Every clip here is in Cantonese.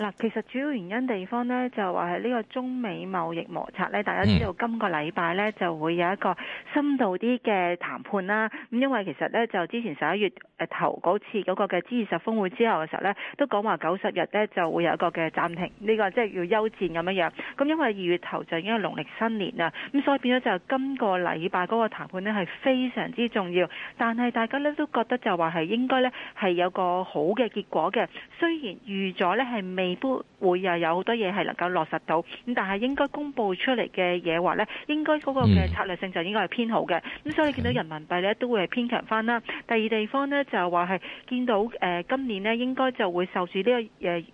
嗱，其實主要原因地方咧就話係呢個中美貿易摩擦咧，大家知道今個禮拜咧就會有一個深度啲嘅談判啦。咁因為其實咧就之前十一月誒頭嗰次嗰個嘅 G 二十峰會之後嘅時候咧，都講話九十日咧就會有一個嘅暫停呢個即係要休戰咁樣樣，咁因為二月頭就已經係農曆新年啦，咁所以變咗就今個禮拜嗰個談判咧係非常之重要。但係大家咧都覺得就話係應該咧係有個好嘅結果嘅，雖然預咗咧係未。亦都會有好多嘢係能夠落實到，咁但係應該公佈出嚟嘅嘢話呢，應該嗰個嘅策略性就應該係偏好嘅。咁所以見到人民幣呢，都會係偏強翻啦。第二地方呢，就係話係見到誒今年呢，應該就會受住呢個誒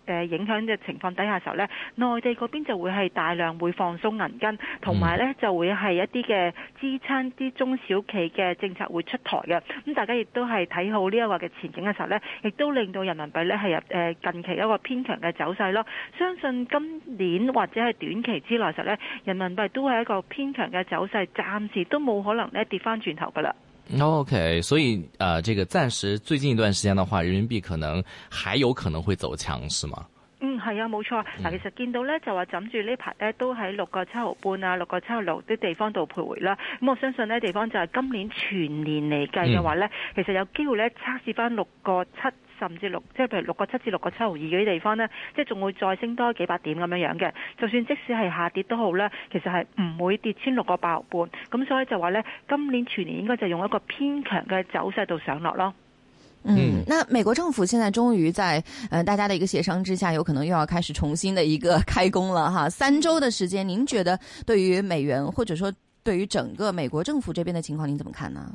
誒影響嘅情況底下時候呢，內地嗰邊就會係大量會放鬆銀根，同埋呢就會係一啲嘅支撐啲中小企嘅政策會出台嘅。咁大家亦都係睇好呢一個嘅前景嘅時候呢，亦都令到人民幣呢係入誒近期一個偏強嘅。走晒咯，相信今年或者係短期之內嘅時候咧，人民幣都係一個偏強嘅走勢，暫時都冇可能咧跌翻轉頭噶啦。O K，所以啊、呃，這個暫時最近一段時間的話，人民幣可能還有可能會走強，是嗎？嗯，係啊，冇錯。其實見到咧就話枕住呢排咧都喺六個七毫半啊，六個七毫六啲地方度徘徊啦。咁我相信呢，地方就係今年全年嚟計嘅話咧，嗯、其實有機會咧測試翻六個七。甚至六，即係譬如六個七至六個七毫二嗰啲地方呢，即係仲會再升多幾百點咁樣樣嘅。就算即使係下跌都好啦，其實係唔會跌穿六個八毫半。咁所以就話呢，今年全年應該就用一個偏強嘅走勢度上落咯。嗯，那美國政府現在終於在，誒、呃、大家的一個協商之下，有可能又要開始重新的一個開工了哈、啊。三周的時間，您覺得對於美元，或者說對於整個美國政府這邊的情況，您怎麼看呢？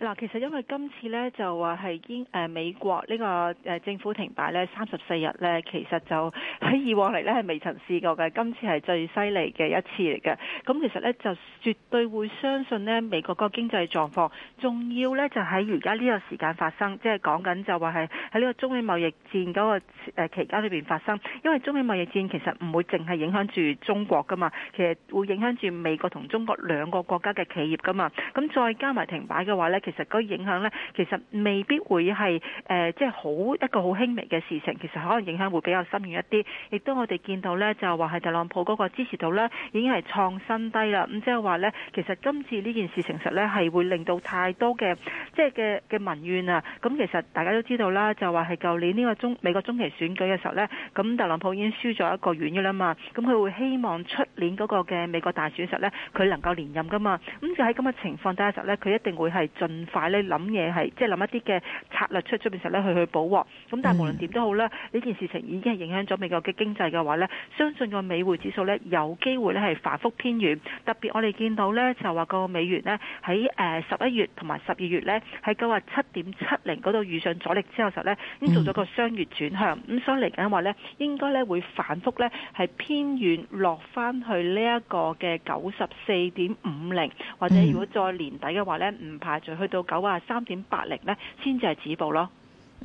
嗱，其實因為今次咧就話係英誒美國呢個誒政府停擺咧三十四日咧，其實就喺以往嚟咧係未曾試過嘅，今次係最犀利嘅一次嚟嘅。咁其實咧就絕對會相信咧美國個經濟狀況仲要咧就喺而家呢個時間發生，即係講緊就話係喺呢個中美貿易戰嗰個誒期間裏邊發生，因為中美貿易戰其實唔會淨係影響住中國噶嘛，其實會影響住美國同中國兩個國家嘅企業噶嘛，咁再加埋停擺嘅話咧。其實嗰個影響呢，其實未必會係誒，即、呃、係、就是、好一個好輕微嘅事情。其實可能影響會比較深遠一啲。亦都我哋見到呢，就話係特朗普嗰個支持度呢已經係創新低啦。咁即係話呢，其實今次呢件事情實呢係會令到太多嘅即係嘅嘅民怨啊。咁、嗯、其實大家都知道啦，就話係舊年呢個中美國中期選舉嘅時候呢，咁、嗯、特朗普已經輸咗一個院噶啦嘛。咁、嗯、佢會希望出年嗰個嘅美國大選實呢，佢能夠連任噶嘛。咁、嗯、就喺咁嘅情況底下實呢，佢一定會係盡。快咧，諗嘢係即係諗一啲嘅策略，出出邊時候咧，去去補鑊。咁但係無論點都好啦，呢件事情已經係影響咗美國嘅經濟嘅話呢，相信個美匯指數呢，有機會呢係反复偏軟。特別我哋見到呢，就話個美元呢，喺誒十一月同埋十二月呢，喺九啊七點七零嗰度遇上阻力之後嘅時候已經做咗個雙月轉向。咁、mm. 所以嚟緊話呢，應該呢會反复呢係偏軟落翻去呢一個嘅九十四點五零，或者如果再年底嘅話呢，唔排除去。去到九啊三點八零呢，先至係止步咯。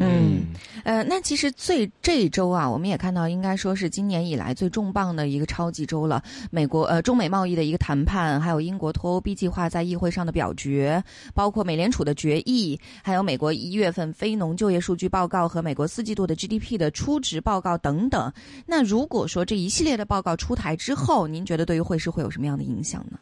嗯，誒、呃，那其實最這一周啊，我們也看到，應該說是今年以來最重磅的一個超級週了。美國呃，中美貿易的一個談判，還有英國脫歐 B 計劃在議會上的表決，包括美聯儲的決議，還有美國一月份非農就業數據報告和美國四季度的 GDP 的初值報告等等。那如果說這一系列的報告出台之後，您覺得對於匯市會有什麼樣的影響呢？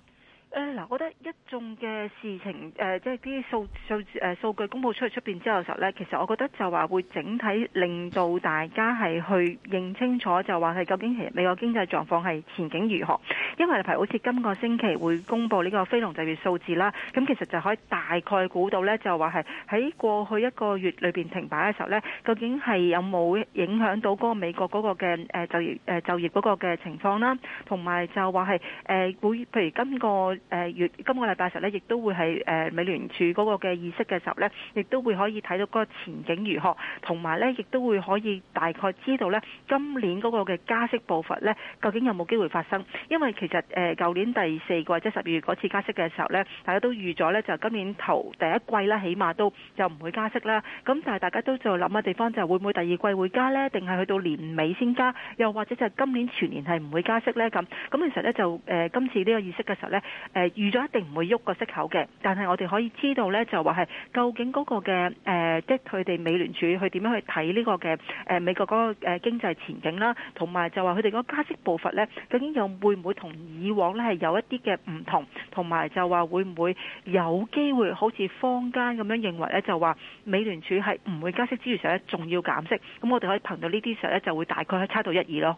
誒嗱，我覺得一眾嘅事情，誒即係啲數數誒數據公佈出去出面之後嘅時候咧，其實我覺得就話會整體令到大家係去認清楚，就話係究竟其實美國經濟狀況係前景如何？因為譬如好似今個星期會公佈呢個非農就業數字啦，咁其實就可以大概估到咧，就話係喺過去一個月裏面停擺嘅時候咧，究竟係有冇影響到嗰個美國嗰個嘅就業誒就業嗰個嘅情況啦？同埋就話係誒會譬如今個。誒、呃、月今個禮拜嘅時候咧，亦都會係、呃、美聯儲嗰個嘅議息嘅時候咧，亦都會可以睇到嗰個前景如何，同埋咧亦都會可以大概知道咧今年嗰個嘅加息步伐咧，究竟有冇機會發生？因為其實誒舊、呃、年第四季即係十二月嗰次加息嘅時候咧，大家都預咗咧就是、今年頭第一季啦，起碼都又唔會加息啦。咁但係大家都就諗嘅地方就是、會唔會第二季會加咧？定係去到年尾先加？又或者就今年全年係唔會加息咧？咁咁其實咧就、呃、今次呢個議息嘅時候咧。誒、呃、預咗一定唔會喐個息口嘅，但係我哋可以知道呢，就話係究竟嗰個嘅誒，即佢哋美聯儲他去點樣去睇呢個嘅誒、呃、美國嗰個誒經濟前景啦，同埋就話佢哋個加息步伐呢，究竟又會唔會同以往呢係有一啲嘅唔同，同埋就話會唔會有機會好似坊間咁樣認為呢？就話美聯儲係唔會加息之餘，上呢，仲要減息，咁我哋可以憑到呢啲時候呢，就會大概猜到一二咯。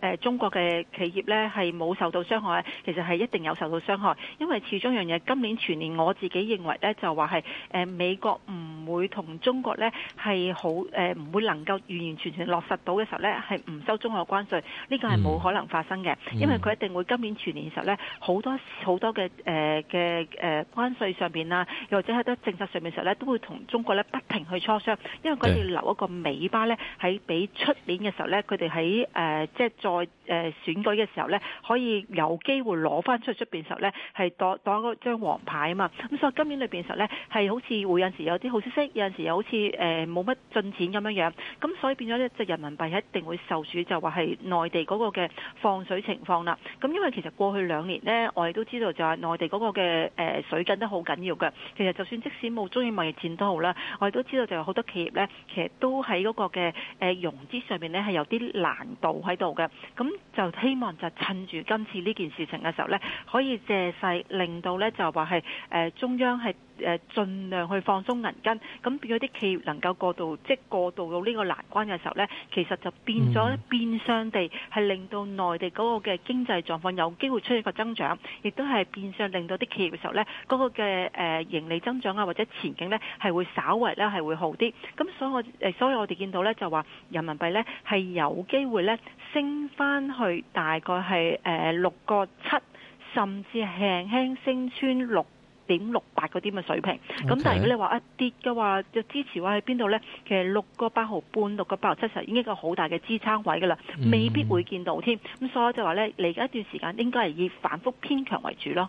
誒中國嘅企業咧係冇受到傷害，其實係一定有受到傷害，因為始終樣嘢今年全年我自己認為咧，就話係誒美國唔會同中國咧係好誒唔會能夠完完全全落實到嘅時候咧係唔收中國關稅，呢個係冇可能發生嘅，嗯，因為佢一定會今年全年時候咧好多好多嘅誒嘅誒關稅上面啊，又或者喺得政策上面時候咧都會同中國咧不停去磋商，因為佢哋留一個尾巴咧喺俾出年嘅時候咧佢哋喺即再誒選舉嘅時候咧，可以有機會攞翻出去。出邊時候咧，係當當嗰張黃牌啊嘛。咁所以今年裏邊時候咧，係好似會有陣時有啲好消息，有陣時又好似誒冇乜進展咁樣樣。咁所以變咗咧，就人民幣一定會受住，就話係內地嗰個嘅放水情況啦。咁因為其實過去兩年呢，我哋都知道就係內地嗰個嘅誒水緊得好緊要嘅。其實就算即使冇中英貿易戰都好啦，我哋都知道就係好多企業咧，其實都喺嗰個嘅誒融資上面咧係有啲難度喺度嘅。咁就希望就趁住今次呢件事情嘅時候咧，可以借勢令到咧，就話係誒中央係。誒，盡量去放鬆銀根，咁變咗啲企業能夠過渡，即係過渡到呢個難關嘅時候呢，其實就變咗變相地係令到內地嗰個嘅經濟狀況有機會出現一個增長，亦都係變相令到啲企業嘅時候呢，嗰個嘅誒盈利增長啊，或者前景呢係會稍為呢係會好啲。咁所以我，所以我哋見到呢就話，人民幣呢係有機會呢升翻去大概係誒六個七，甚至輕輕升穿六點六八嗰啲嘅水平，咁但係如果你話一跌嘅話，就支持位喺邊度咧？其實六個八毫半，六個八毫七十已經一個好大嘅支撐位嘅啦，未必會見到添。咁，mm. 所以就話咧，嚟緊一段時間應該係以反覆偏強為主咯。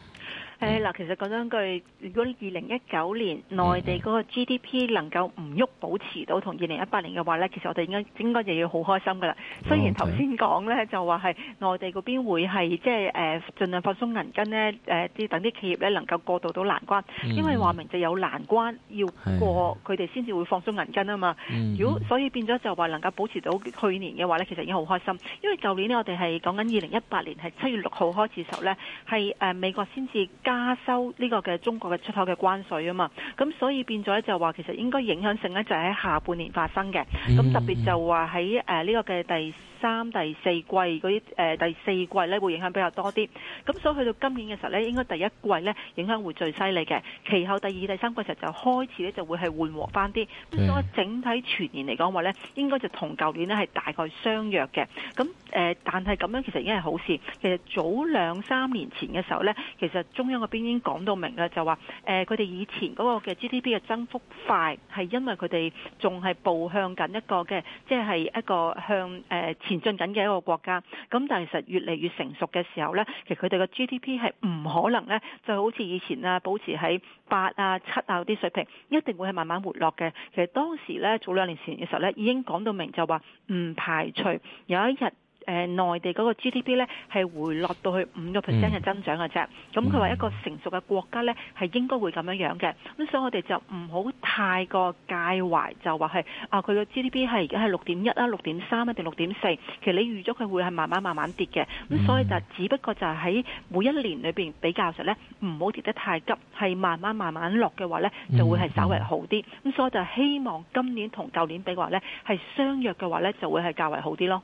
嗱，其實講真句，如果二零一九年內地嗰個 GDP 能夠唔喐保持到同二零一八年嘅話咧，其實我哋應該應該就要好開心噶啦。雖然頭先講咧就話係內地嗰邊會係即係誒盡量放鬆銀根咧，誒即等啲企業咧能夠過渡到難關，因為話明就有難關要過，佢哋先至會放鬆銀根啊嘛。如果所以變咗就話能夠保持到去年嘅話咧，其實已經好開心，因為舊年呢我哋係講緊二零一八年係七月六號開始時候咧，係美國先至。加收呢個嘅中國嘅出口嘅關稅啊嘛，咁所以變咗就話其實應該影響性咧就係喺下半年發生嘅，咁特別就話喺誒呢個嘅第。三，第四季嗰啲第四季咧會影響比較多啲，咁所以去到今年嘅時候咧，應該第一季咧影響會最犀利嘅，其後第二、第三季嘅時候就開始咧就會係緩和翻啲，咁所以整體全年嚟講話咧，應該就同舊年咧係大概相若嘅。咁但係咁樣其實已經係好事。其實早兩三年前嘅時候咧，其實中央嗰邊已經講到明啦，就話誒，佢哋以前嗰個嘅 GDP 嘅增幅快係因為佢哋仲係步向緊一個嘅，即係一個向誒。前進緊嘅一個國家，咁但係其實越嚟越成熟嘅時候呢，其實佢哋嘅 GDP 係唔可能呢就好似以前啊保持喺八啊、七啊嗰啲水平，一定會係慢慢回落嘅。其實當時呢，早兩年前嘅時候呢，已經講到明就話唔排除有一日。誒內地嗰個 GDP 咧係回落到去五個 percent 嘅增長嘅啫。咁佢話一個成熟嘅國家咧係應該會咁樣樣嘅。咁所以我哋就唔好太過介懷，就話係啊佢個 GDP 係而家係六點一啊、六點三啊定六點四。其實你預咗佢會係慢慢慢慢跌嘅。咁、嗯、所以就只不過就係喺每一年裏邊比較上咧，唔好跌得太急，係慢慢慢慢落嘅話咧，就會係稍為好啲。咁、嗯嗯、所以我就希望今年同舊年比話咧係相約嘅話咧，就會係較為好啲咯。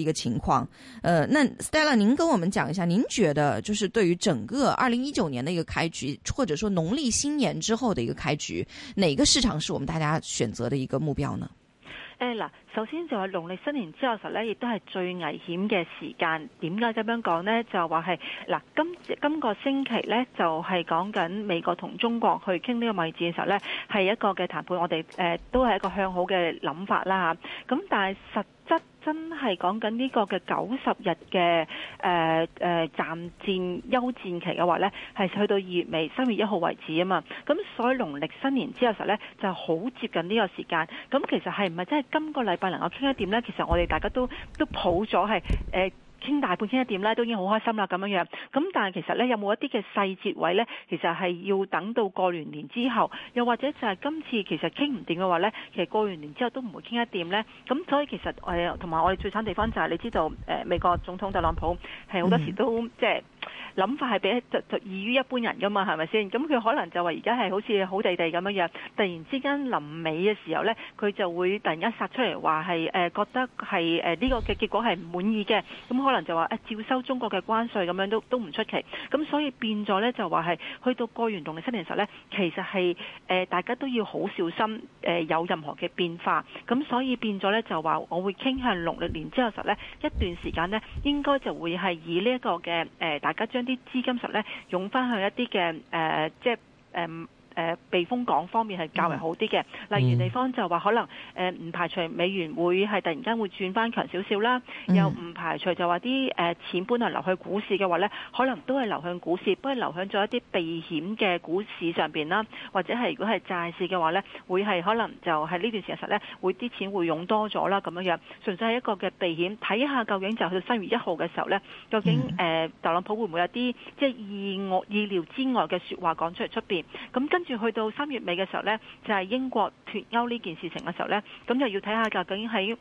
一個情況，呃，那 Stella，您跟我們講一下，您覺得就是對於整個二零一九年的一個開局，或者說農曆新年之後的一個開局，哪個市場是我們大家選擇的一個目標呢？誒，嗱，首先就係農曆新年之後時候呢，亦都係最危險嘅時間。點解咁樣講呢，就話係嗱，今今個星期呢，就係講緊美國同中國去傾呢個貿易戰嘅時候呢，係一個嘅談判，我哋誒都係一個向好嘅諗法啦，吓。咁但係實質。真係講緊呢個嘅九十日嘅誒誒暫戰休戰期嘅話呢係去到二月尾三月一號為止啊嘛。咁所以農曆新年之後時候呢，就好接近呢個時間。咁其實係唔係真係今個禮拜能夠傾一掂傾得掂呢？其實我哋大家都都抱咗係誒。呃傾大半傾一掂咧，都已經好開心啦咁樣樣。咁但係其實咧，有冇一啲嘅細節位咧，其實係要等到過完年之後，又或者就係今次其實傾唔掂嘅話咧，其實過完年之後都唔會傾一掂咧。咁所以其實誒，同埋我哋最慘地方就係你知道誒，美國總統特朗普係好多時都即係。諗法係比就就異於一般人噶嘛，係咪先？咁佢可能就話而家係好似好地地咁樣樣，突然之間臨尾嘅時候呢，佢就會突然間殺出嚟話係誒覺得係誒呢個嘅結果係唔滿意嘅，咁可能就話誒、呃、照收中國嘅關稅咁樣都都唔出奇。咁所以變咗呢，就話係去到過完農曆新年嘅時候呢，其實係誒、呃、大家都要好小心誒、呃、有任何嘅變化。咁所以變咗呢，就話我會傾向農曆年之後實呢，一段時間呢應該就會係以呢一個嘅誒大。呃而家將啲資金實咧用翻去一啲嘅誒，即係誒。就是呃誒避風港方面係較為好啲嘅，嗯，例如地方就話可能誒唔排除美元會係突然間會轉翻強少少啦，又唔排除就話啲誒錢搬來流去股市嘅話咧，可能都係流向股市，不過流向咗一啲避險嘅股市上邊啦，或者係如果係債市嘅話咧，會係可能就係呢段時間實咧會啲錢會湧多咗啦咁樣樣，純粹係一個嘅避險，睇下究竟就去到三月一號嘅時候咧，究竟誒、嗯呃、特朗普會唔會有啲即係意外意料之外嘅說話講出嚟出邊，咁跟住去到三月尾嘅時候呢，就係、是、英國脫歐呢件事情嘅時候呢。咁又要睇下究竟喺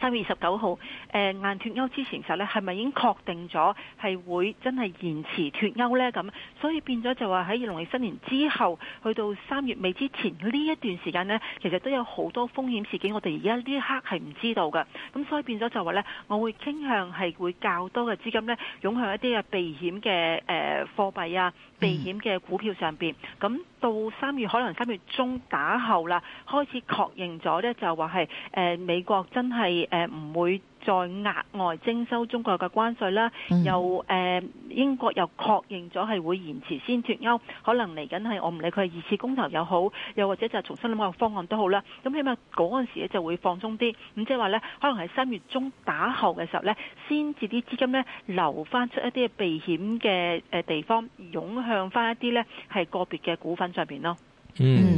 三月二十九號誒硬脫歐之前嘅時候呢，係咪已經確定咗係會真係延遲脫歐呢？咁所以變咗就話喺農曆新年之後，去到三月尾之前呢一段時間呢，其實都有好多風險事件，我哋而家呢一刻係唔知道嘅。咁所以變咗就話呢，我會傾向係會較多嘅資金呢，湧向一啲嘅避險嘅誒、呃、貨幣啊、避險嘅股票上邊咁。到三月，可能三月中打後啦，開始確認咗咧，就話係誒美國真係誒唔會，再額外徵收中國嘅關稅啦，又誒英國又確認咗係會延遲先脫歐，可能嚟緊係我唔理佢係二次公投又好，又或者就重新諗個方案都好啦。咁起碼嗰陣時咧就會放鬆啲，咁即係話咧，可能喺三月中打後嘅時候咧，先至啲資金咧流翻出一啲避險嘅誒地方，湧向翻一啲咧係個別嘅股份上邊咯。嗯。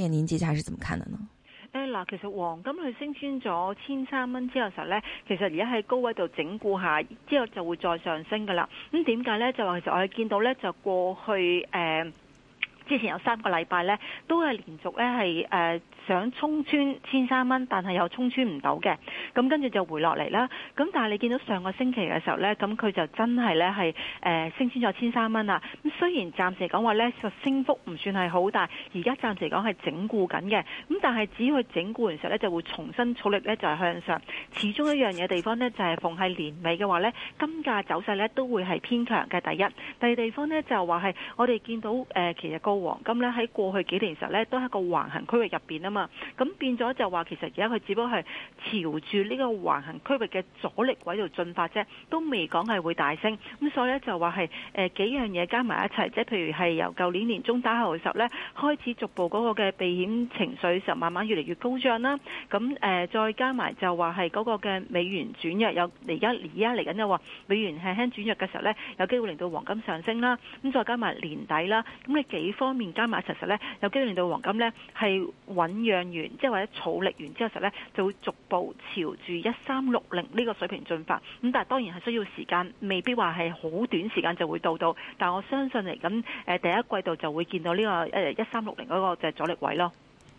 您接下嚟係怎麼看的呢？誒嗱，其實黃金佢升穿咗千三蚊之後，實咧其實而家喺高位度整固下之後就會再上升噶啦。咁點解咧？就話其實我哋見到咧，就過去誒。呃之前有三個禮拜呢，都係連續咧係誒想衝穿千三蚊，但係又衝穿唔到嘅。咁跟住就回落嚟啦。咁但係你見到上個星期嘅時候呢，咁佢就真係呢係升穿咗千三蚊啦。咁雖然暫時講話呢，就升幅唔算係好大，而家暫時講係整固緊嘅。咁但係只要佢整固完時候呢，就會重新儲力呢，就係向上。始終一樣嘢地方呢，就係逢係年尾嘅話呢，金價走勢呢都會係偏強嘅。第一，第二地方呢，就話係我哋見到誒其實高。黃金咧喺過去幾年時候咧，都係個橫行區域入邊啊嘛，咁變咗就話其實而家佢只不過係朝住呢個橫行區域嘅阻力位度進發啫，都未講係會大升。咁所以咧就話係誒幾樣嘢加埋一齊，即係譬如係由舊年年中打後嘅時候咧，開始逐步嗰個嘅避險情緒時候慢慢越嚟越高漲啦。咁誒再加埋就話係嗰個嘅美元轉弱，有而家而家嚟緊就話美元輕輕轉弱嘅時候咧，有機會令到黃金上升啦。咁再加埋年底啦，咁你幾方方面加埋一齊實咧，有機會令到黃金咧係醞釀完，即係或者儲力完之後實咧，就會逐步朝住一三六零呢個水平進發。咁但係當然係需要時間，未必話係好短時間就會到到。但我相信嚟緊誒第一季度就會見到呢個誒一三六零嗰個就係阻力位咯。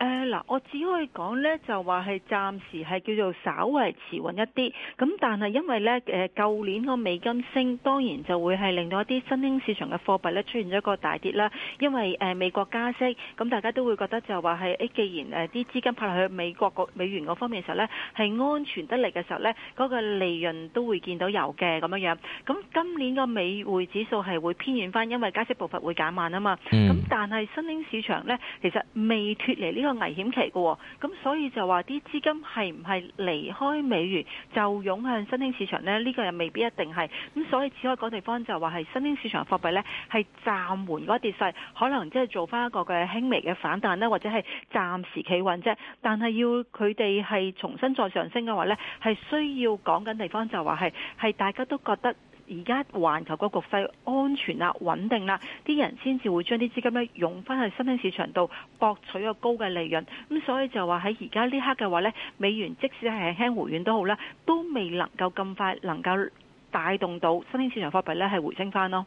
誒、呃、嗱，我只可以講咧，就話係暫時係叫做稍微持穩一啲。咁但係因為咧，誒舊年個美金升，當然就會係令到一啲新興市場嘅貨幣咧出現咗一個大跌啦。因為誒美國加息，咁大家都會覺得就話係誒，既然誒啲資金拍落去美國個美元嗰方面嘅時候咧，係安全得嚟嘅時候咧，嗰、那個利潤都會見到有嘅咁樣樣。咁今年個美匯指數係會偏遠翻，因為加息步伐會減慢啊嘛。咁、嗯、但係新興市場咧，其實未脱離呢、這個。個危險期嘅、哦，咁所以就話啲資金係唔係離開美元就湧向新興市場呢？呢、呢個又未必一定係，咁所以只可以講地方就話係新興市場貨幣呢，係暫緩嗰跌勢，可能即係做翻一個嘅輕微嘅反彈呢，或者係暫時企穩啫。但係要佢哋係重新再上升嘅話呢，係需要講緊地方就話係係大家都覺得。而家環球個局勢安全啦、穩定啦，啲人先至會將啲資金咧湧翻去新興市場度博取個高嘅利潤。咁所以就話喺而家呢刻嘅話咧，美元即使係輕回軟都好咧，都未能夠咁快能夠帶動到新興市場貨幣咧係回升翻咯。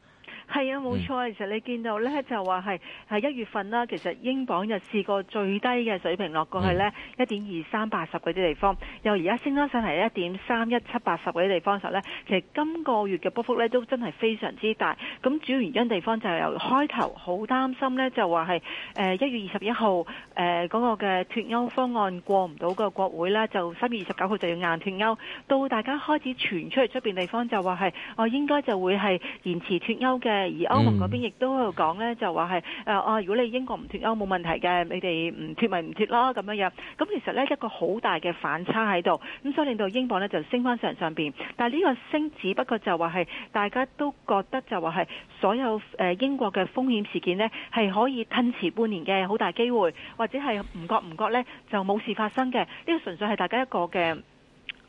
係啊，冇錯。其實你見到呢，就話係一月份啦。其實英鎊就試過最低嘅水平落過去呢，一點二三八十嗰啲地方，又而家升咗上嚟一點三一七八十嗰啲地方時候呢，其實今個月嘅波幅呢，都真係非常之大。咁主要原因地方就係由開頭好擔心呢，就話係誒一月二十一號嗰個嘅脱歐方案過唔到個國會啦，就三月二十九號就要硬脱歐。到大家開始傳出嚟出邊地方就話係，我應該就會係延遲脱歐嘅。而歐盟嗰邊亦都喺度講呢，就話係誒哦，如果你英國唔脱歐冇問題嘅，你哋唔脱咪唔脱咯咁樣樣。咁其實呢，一個好大嘅反差喺度，咁所以令到英鎊呢，就升返上上邊。但係呢個升，只不過就話係大家都覺得就話係所有誒、啊、英國嘅風險事件呢，係可以吞遲半年嘅好大機會，或者係唔覺唔覺呢，就冇事發生嘅呢、呢個純粹係大家一個嘅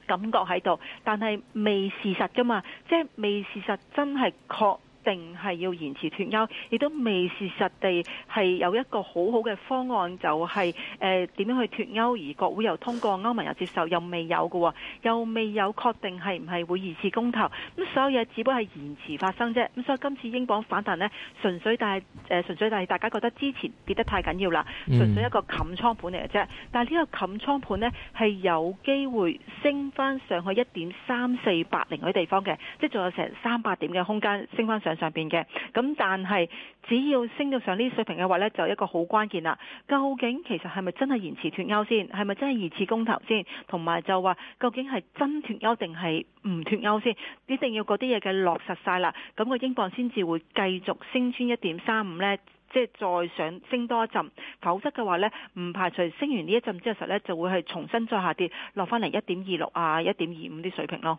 感覺喺度，但係未事實噶嘛，即、就、係、是、未事實真係確。定係要延遲脱歐，亦都未事實地係有一個好好嘅方案，就是，就係誒點樣去脱歐，而國會又通過，歐盟又接受，又未有嘅喎，又未有確定係唔係會二次公投，咁所有嘢只不過係延遲發生啫。咁所以今次英鎊反彈呢，純粹但係誒、呃，純粹係大家覺得之前跌得太緊要啦，純粹一個冚倉盤嚟嘅啫。但係呢個冚倉盤呢，係有機會升翻上去一點三四八零嗰啲地方嘅，即係仲有成三百點嘅空間升翻上。上邊嘅咁，但係只要升到上呢啲水平嘅話呢，就一個好關鍵啦。究竟其實係咪真係延遲脱歐先？係咪真係二次公投先？同埋就話究竟係真脱歐定係唔脱歐先？一定要嗰啲嘢嘅落實晒啦。咁個英鎊先至會繼續升穿一點三五呢，即係再上升多一陣。否則嘅話呢，唔排除升完呢一陣之後實呢就會係重新再下跌，落翻嚟一點二六啊、一點二五啲水平咯。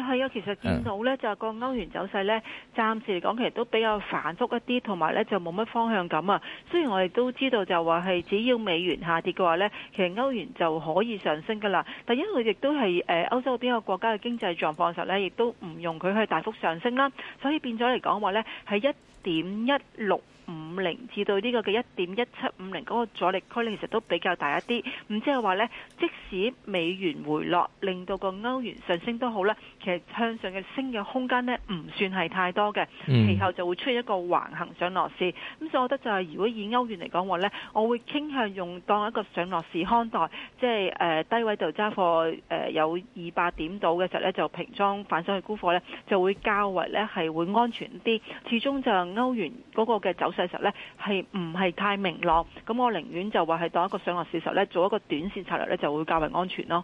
係啊，其實見到咧就個歐元走勢咧，暫時嚟講其實都比較繁複一啲，同埋咧就冇乜方向感啊。雖然我哋都知道就話係只要美元下跌嘅話咧，其實歐元就可以上升㗎啦。但因為亦都係誒歐洲邊一個國家嘅經濟狀況時候咧，亦都唔容佢去大幅上升啦。所以變咗嚟講話咧，喺一點一六五零至到呢個嘅一點一七五零嗰個阻力區咧，其實都比較大一啲。唔即係話咧，即使美元回落，令到個歐元上升都好啦，其實，向上嘅升嘅空間呢，唔算係太多嘅，其後就會出現一個橫行上落市。咁所以，我覺得就係如果以歐元嚟講話呢，我會傾向用當一個上落市看待，即係誒低位就揸貨誒有二百點到嘅時候呢，就平裝反上去沽貨呢，就會較為呢係會安全啲。始終就歐元嗰個嘅走勢時候呢，係唔係太明朗，咁我寧願就話係當一個上落市時候呢，做一個短線策略呢，就會較為安全咯。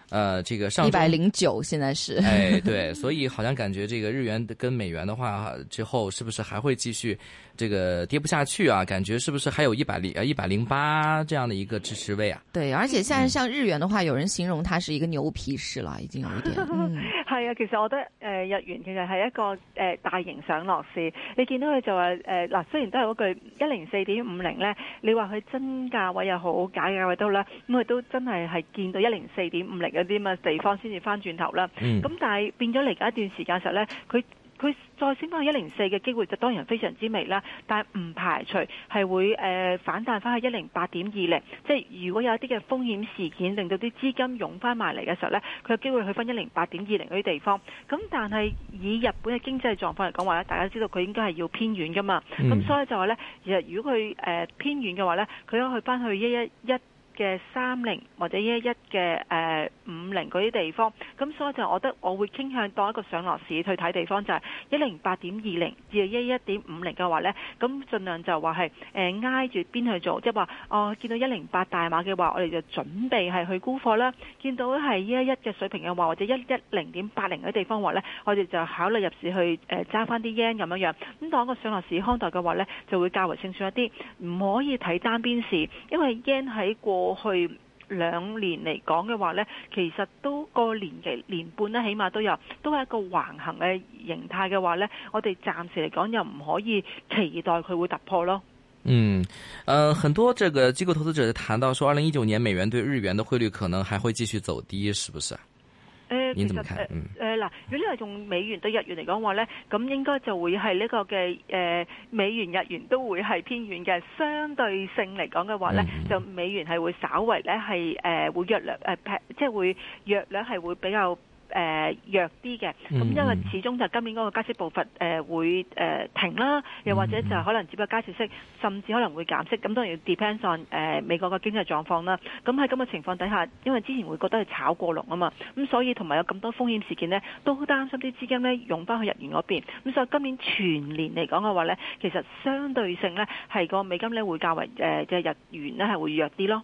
呃，這個上一百零九，現在是哎，對， 所以好像感覺這個日元跟美元的話，之後是不是還會繼續這個跌不下去啊？感覺是不是還有一百零呃一百零八這樣的一個支持位啊？對，而且現在，像日元的話，嗯、有人形容它是一個牛皮市了，已經有一點。嗯、 是啊，其實我覺得，呃，日元其實是一個呃大型上落市。你見到佢就話，呃，嗱，雖然都係嗰句一零四點五零呢，你話佢真價位又好，假價位都好啦，咁佢都真係係見到一零四點五零啲咁嘅地方先至翻轉頭啦，咁、嗯、但係變咗嚟緊一段時間嘅時候咧，佢佢再升翻去一零四嘅機會就當然非常之微啦，但係唔排除係會、呃、反彈翻去一零八點二零，即係如果有一啲嘅風險事件令到啲資金湧翻埋嚟嘅時候咧，佢有機會去翻一零八點二零嗰啲地方。咁但係以日本嘅經濟狀況嚟講話咧，大家知道佢應該係要偏遠噶嘛，咁、嗯、所以就話咧，其實如果佢、呃、偏遠嘅話咧，佢可以去翻去一一一。嘅三零或者一一嘅誒五零嗰啲地方，咁所以就我覺得我會傾向當一個上落市去睇地方，就係一零八點二零至一一點五零嘅話咧，咁盡量就話係誒挨住邊去做，即係話哦見到一零八大碼嘅話，我哋就準備係去沽貨啦；見到係一一嘅水平嘅話或者一一零點八零嗰啲地方話咧，我哋就考慮入市去誒揸翻啲 yen 咁樣樣，咁當一個上落市看待嘅話咧，就會較為勝算一啲，唔可以睇單邊市，因為 yen 喺過。過去兩年嚟講嘅話咧，其實都個年期年半咧，起碼都有，都係一個橫行嘅形態嘅話咧，我哋暫時嚟講又唔可以期待佢會突破咯。嗯，誒、呃，很多這個機構投資者談到說，二零一九年美元對日元的匯率可能還會繼續走低，是不是？其實誒誒嗱，如果呢個係用美元對日元嚟講話咧，咁應該就會係呢、這個嘅誒、呃、美元日元都會係偏軟嘅，相對性嚟講嘅話咧，就美元係會稍為咧係誒會弱略，誒、呃、平，即係會弱略，係會比較。誒、呃、弱啲嘅，咁因為始終就今年嗰個加息步伐誒、呃、會誒、呃、停啦，又或者就可能只不過加息息，甚至可能會減息。咁當然要 depend on 誒、呃、美國嘅經濟狀況啦。咁喺咁嘅情況底下，因為之前會覺得係炒過龍啊嘛，咁所以同埋有咁多風險事件呢，都好擔心啲資金咧用翻去日元嗰邊。咁所以今年全年嚟講嘅話咧，其實相對性咧係個美金咧會較為誒嘅、呃、日元咧係會弱啲咯。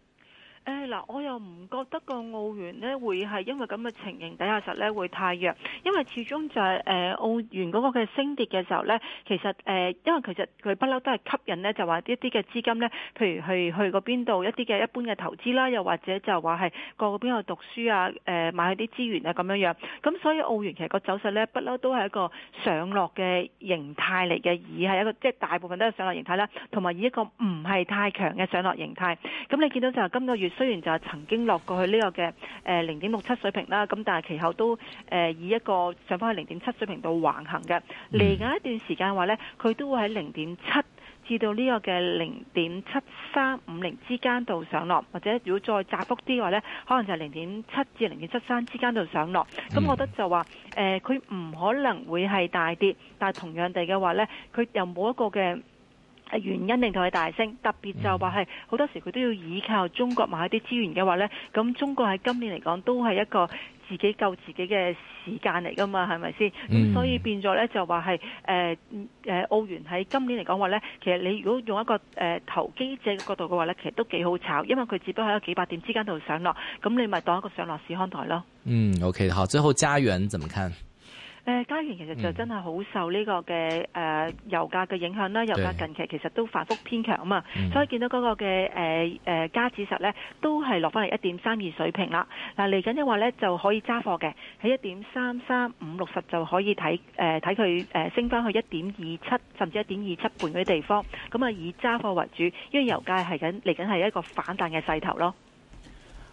誒、哎、嗱，我又唔覺得個澳元咧會係因為咁嘅情形底下實咧會太弱，因為始終就係、是、誒澳元嗰個嘅升跌嘅時候咧，其實誒、呃、因為其實佢不嬲都係吸引咧就話一啲嘅資金咧，譬如去去嗰邊度一啲嘅一般嘅投資啦，又或者就話係過嗰邊度讀書啊，誒買啲資源啊咁樣樣，咁所以澳元其實個走勢咧不嬲都係一個上落嘅形態嚟嘅，以係一個即係、就是、大部分都係上落形態啦，同埋以一個唔係太強嘅上落形態，咁你見到就係今個月。雖然就係曾經落過去呢個嘅誒零點六七水平啦，咁但係其後都誒以一個上返去零點七水平度橫行嘅嚟緊一段時間嘅話呢，佢都會喺零點七至到呢個嘅零點七三五零之間度上落，或者如果再窄幅啲嘅話呢，可能就係零點七至零點七三之間度上落。咁我覺得就話誒，佢、呃、唔可能會係大跌，但係同樣地嘅話呢，佢又冇一個嘅原因令到佢大升，特別就話係好多時佢都要依靠中國買一啲資源嘅話呢，咁中國喺今年嚟講都係一個自己救自己嘅時間嚟噶嘛，係咪先？咁、嗯、所以變咗呢，就話係誒澳元喺今年嚟講話呢，其實你如果用一個投機者嘅角度嘅話呢，其實都幾好炒，因為佢只不過喺幾百點之間度上落，咁你咪當一個上落市看待咯。嗯，OK，好，最後家源怎麼看？誒加元其實就真係好受呢個嘅誒油價嘅影響啦、嗯，油價近期其實都反覆偏強啊嘛、嗯，所以見到嗰個嘅誒誒加指數咧都係落翻嚟一點三二水平啦。嗱嚟緊嘅話咧就可以揸貨嘅，喺一點三三五六十就可以睇睇佢升翻去一點二七甚至一點二七半嗰啲地方，咁啊以揸貨為主，因為油價係緊嚟緊係一個反彈嘅勢頭咯。